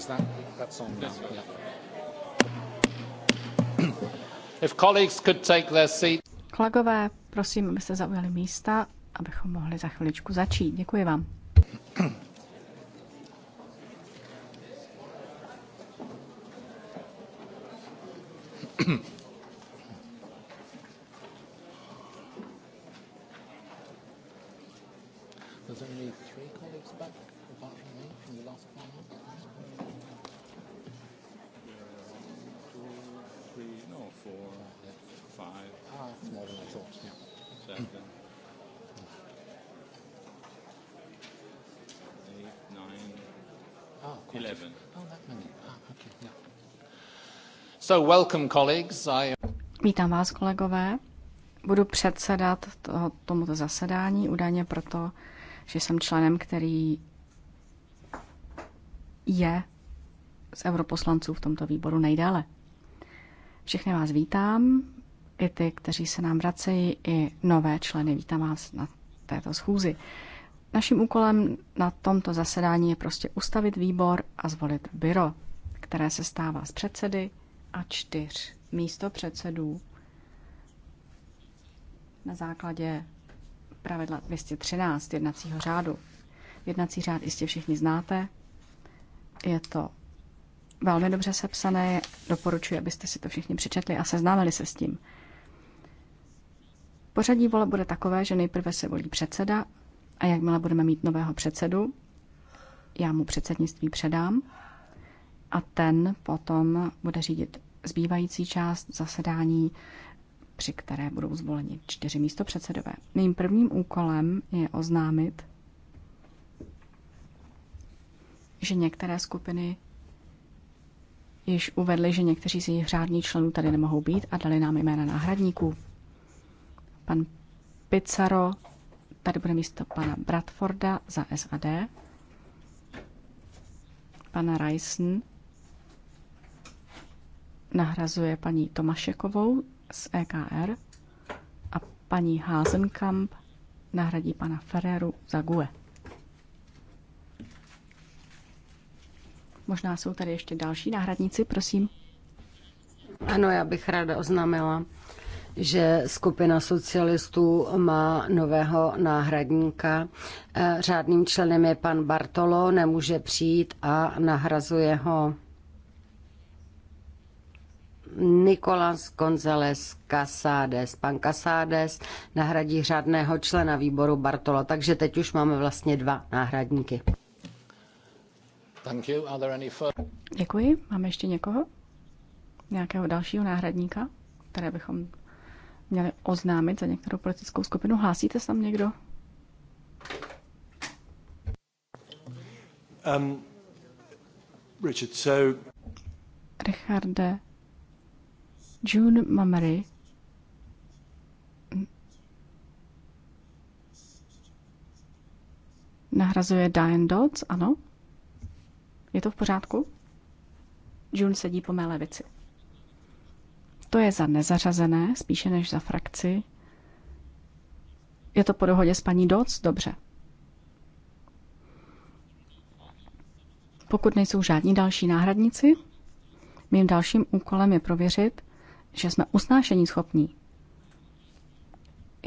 Is that that's on? now. Yeah. If colleagues could take their seat. Kolegové, prosím, abyste zaujali místa, abychom mohli za chviličku začít. Děkuji vám. There's only three colleagues back, apart from me, from the last panel. Two, three, no, four, yeah. five. Ah, that's more than I thought, yeah. Seven. Eight, nine, ah, eleven. Oh, that many. Ah, okay, yeah. So welcome, colleagues. I... Vítám vás, kolegové. Budu předsedat toho, tomuto zasedání, údajně proto, že jsem členem, který je z europoslanců v tomto výboru nejdále. Všechny vás vítám, i ty, kteří se nám vracejí, i nové členy. Vítám vás na této schůzi. Naším úkolem na tomto zasedání je prostě ustavit výbor a zvolit byro, které se stává z předsedy a čtyř místo předsedů na základě pravidla 213 jednacího řádu. Jednací řád jistě všichni znáte. Je to velmi dobře sepsané, doporučuji, abyste si to všichni přečetli a seznámili se s tím. Pořadí vole bude takové, že nejprve se volí předseda a jakmile budeme mít nového předsedu, já mu předsednictví předám a ten potom bude řídit zbývající část zasedání při které budou zvoleni čtyři místopředsedové. Mým prvním úkolem je oznámit, že některé skupiny již uvedly, že někteří z jejich řádných členů tady nemohou být a dali nám jména náhradníků. Pan Pizarro tady bude místo pana Bradforda za SAD, pana Ryson nahrazuje paní Tomašekovou z EKR a paní Hasenkamp nahradí pana Ferreru za GUE. Možná jsou tady ještě další náhradníci, prosím. Ano, já bych ráda oznámila, že skupina socialistů má nového náhradníka. E, řádným členem je pan Bartolo, nemůže přijít a nahrazuje ho Nikolas González Casades. Pan Casades nahradí řádného člena výboru Bartolo, takže teď už máme vlastně dva náhradníky. Děkuji. Máme ještě někoho? Nějakého dalšího náhradníka, které bychom měli oznámit za některou politickou skupinu? Hlásíte se tam někdo? Um, Richard, so... Richarde, June Mamery nahrazuje Diane Dodds, ano? Je to v pořádku? June sedí po mé levici. To je za nezařazené, spíše než za frakci. Je to po dohodě s paní Dodds? Dobře. Pokud nejsou žádní další náhradníci, mým dalším úkolem je prověřit, že jsme usnášení schopní?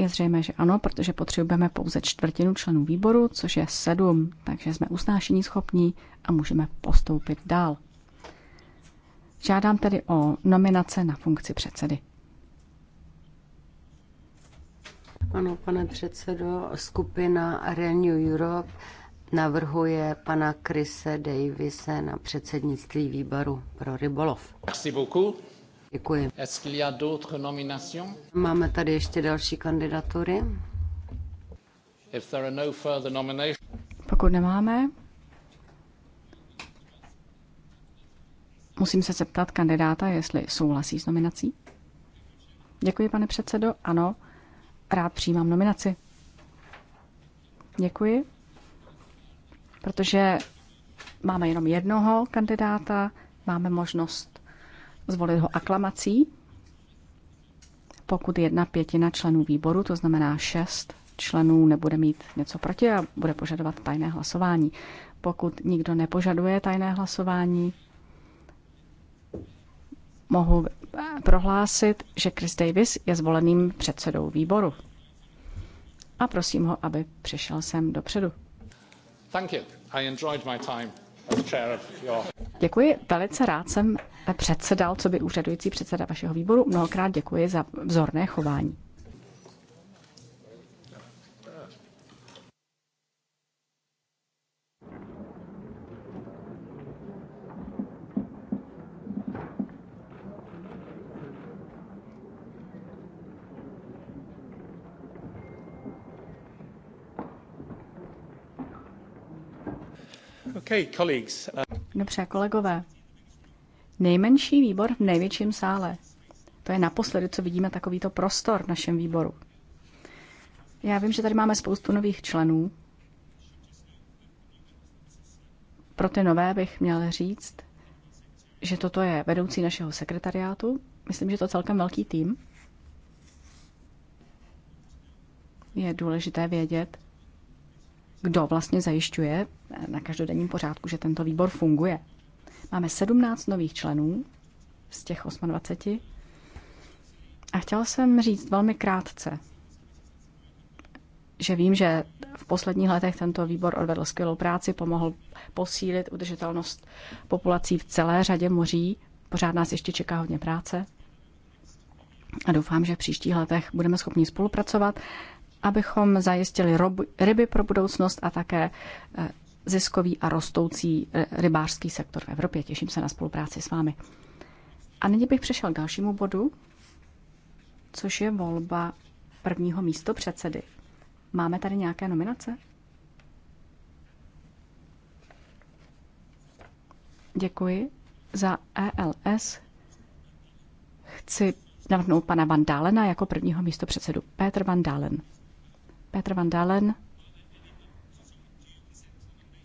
Je zřejmé, že ano, protože potřebujeme pouze čtvrtinu členů výboru, což je sedm, takže jsme usnášení schopní a můžeme postoupit dál. Žádám tedy o nominace na funkci předsedy. Ano, pane předsedo, skupina Renew Europe navrhuje pana Krise Davise na předsednictví výboru pro rybolov. Merci beaucoup. Děkuji. Máme tady ještě další kandidatury. No Pokud nemáme, musím se zeptat kandidáta, jestli souhlasí s nominací. Děkuji, pane předsedo. Ano, rád přijímám nominaci. Děkuji. Protože máme jenom jednoho kandidáta, máme možnost zvolit ho aklamací, pokud jedna pětina členů výboru, to znamená šest členů, nebude mít něco proti a bude požadovat tajné hlasování. Pokud nikdo nepožaduje tajné hlasování, mohu prohlásit, že Chris Davis je zvoleným předsedou výboru. A prosím ho, aby přišel sem dopředu. Thank you. I enjoyed my time. Děkuji, velice rád jsem předsedal, co by úřadující předseda vašeho výboru. Mnohokrát děkuji za vzorné chování. Uh, Dobře, kolegové. Nejmenší výbor v největším sále. To je naposledy, co vidíme takovýto prostor v našem výboru. Já vím, že tady máme spoustu nových členů. Pro ty nové bych měl říct, že toto je vedoucí našeho sekretariátu. Myslím, že to je celkem velký tým. Je důležité vědět, kdo vlastně zajišťuje na každodenním pořádku, že tento výbor funguje. Máme 17 nových členů z těch 28. A chtěla jsem říct velmi krátce, že vím, že v posledních letech tento výbor odvedl skvělou práci, pomohl posílit udržitelnost populací v celé řadě moří. Pořád nás ještě čeká hodně práce. A doufám, že v příštích letech budeme schopni spolupracovat abychom zajistili ryby pro budoucnost a také eh, ziskový a rostoucí eh, rybářský sektor v Evropě. Těším se na spolupráci s vámi. A nyní bych přešel k dalšímu bodu, což je volba prvního místo předsedy. Máme tady nějaké nominace? Děkuji. Za ELS chci navrhnout pana Van Dálena jako prvního místo předsedu. Petr Van Dálen. Petr Van Dalen.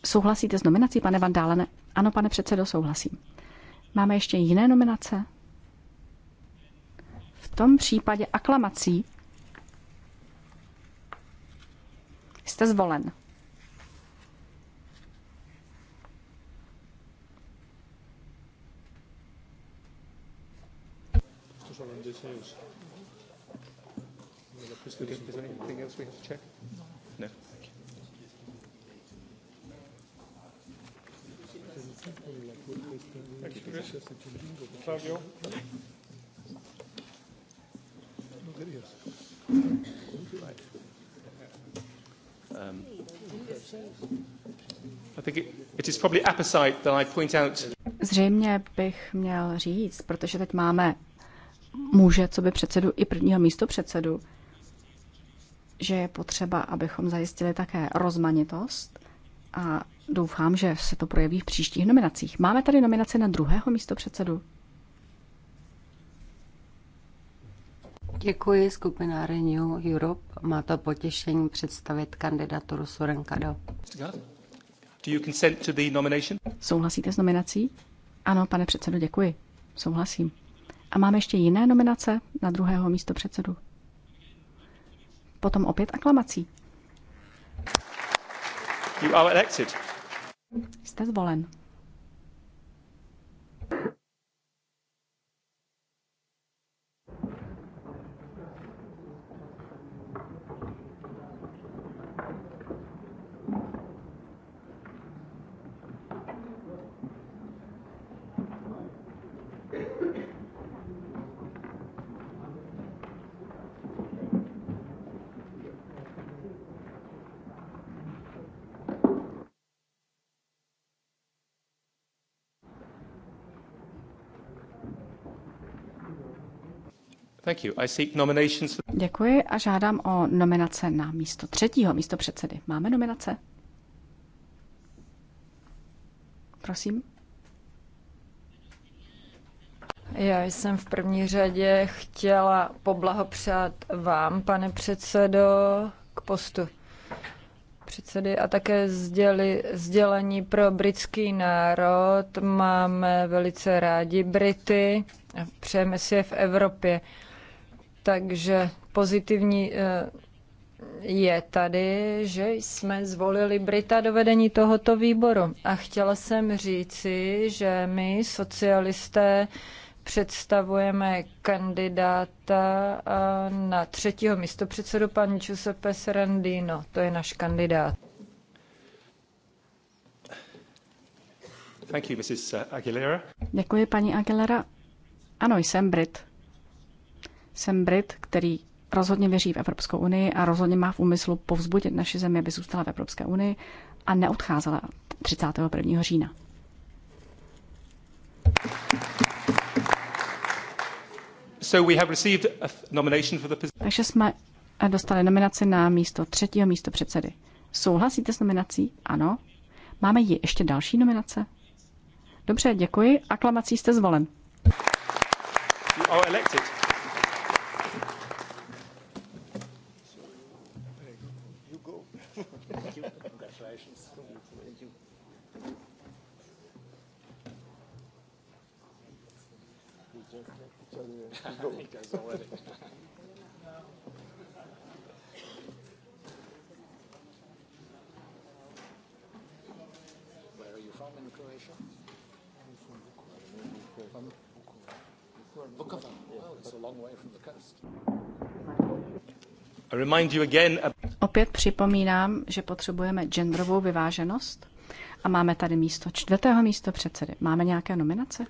Souhlasíte s nominací, pane Van Dalen? Ano, pane předsedo, souhlasím. Máme ještě jiné nominace? V tom případě aklamací jste zvolen. Zřejmě bych měl říct, protože teď máme muže, co by předsedu i prvního místo předsedu, že je potřeba, abychom zajistili také rozmanitost a doufám, že se to projeví v příštích nominacích. Máme tady nominaci na druhého místo předsedu. Děkuji, skupina Renew Europe. Má to potěšení představit kandidaturu Soren Kado. Do you consent to the nomination? Souhlasíte s nominací? Ano, pane předsedo, děkuji. Souhlasím. A máme ještě jiné nominace na druhého místo předsedu? potom opět aklamací. You are elected. Jste zvolen. Děkuji a žádám o nominace na místo třetího místo předsedy. Máme nominace? Prosím. Já jsem v první řadě chtěla poblahopřát vám, pane předsedo, k postu předsedy a také sděli, sdělení pro britský národ. Máme velice rádi Brity a přejeme si je v Evropě. Takže pozitivní eh, je tady, že jsme zvolili Brita do vedení tohoto výboru. A chtěla jsem říci, že my, socialisté, představujeme kandidáta eh, na třetího místopředsedu, paní Giuseppe Serendino. To je náš kandidát. Děkuji, paní Aguilera. Ano, jsem Brit. Jsem Brit, který rozhodně věří v Evropskou unii a rozhodně má v úmyslu povzbudit naši zemi, aby zůstala v Evropské unii a neodcházela 31. října. So we have received a nomination for the position. Takže jsme dostali nominaci na místo třetího místo předsedy. Souhlasíte s nominací? Ano. Máme ji ještě další nominace? Dobře, děkuji. Aklamací jste zvolen. You are elected. Where are you from in Croatia? I'm from From it's a long way from the coast. Opět připomínám, že potřebujeme genderovou vyváženost a máme tady místo čtvrtého místo předsedy. Máme nějaké nominace?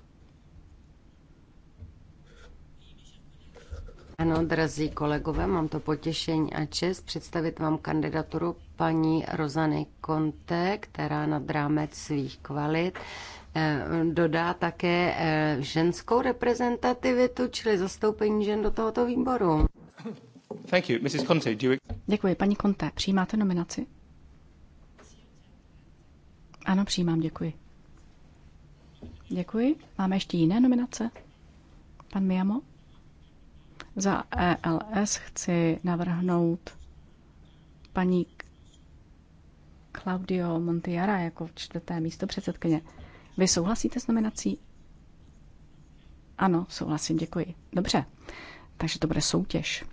Ano, drazí kolegové, mám to potěšení a čest představit vám kandidaturu paní Rozany Konte, která nad rámec svých kvalit eh, dodá také eh, ženskou reprezentativitu, čili zastoupení žen do tohoto výboru. Thank you. Mrs. Conte, do you... Děkuji, paní Conte. Přijímáte nominaci? Ano, přijímám, děkuji. Děkuji. Máme ještě jiné nominace? Pan Miyamoto? Za ELS chci navrhnout paní Claudio Montiara jako čtvrté místo předsedkyně. Vy souhlasíte s nominací? Ano, souhlasím, děkuji. Dobře, takže to bude soutěž.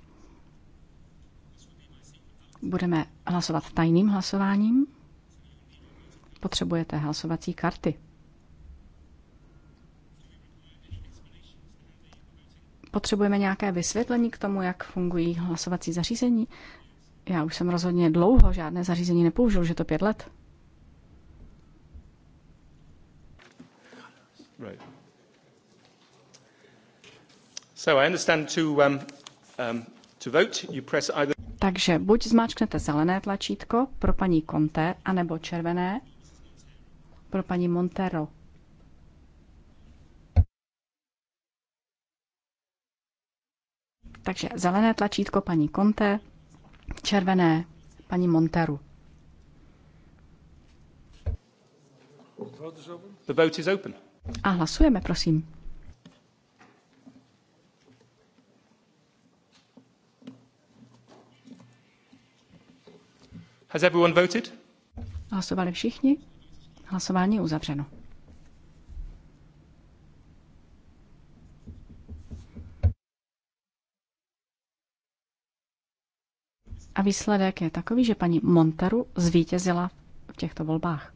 Budeme hlasovat tajným hlasováním. Potřebujete hlasovací karty. Potřebujeme nějaké vysvětlení k tomu, jak fungují hlasovací zařízení? Já už jsem rozhodně dlouho žádné zařízení nepoužil, že to pět let. Right. So I understand to, um, um, to vote, you press either... Takže buď zmáčknete zelené tlačítko pro paní Conte, anebo červené pro paní Montero. Takže zelené tlačítko paní Conte, červené paní Monteru. The vote is open. A hlasujeme, prosím. Has everyone voted? Hlasovali všichni. Hlasování je uzavřeno. A výsledek je takový, že paní Monteru zvítězila v těchto volbách.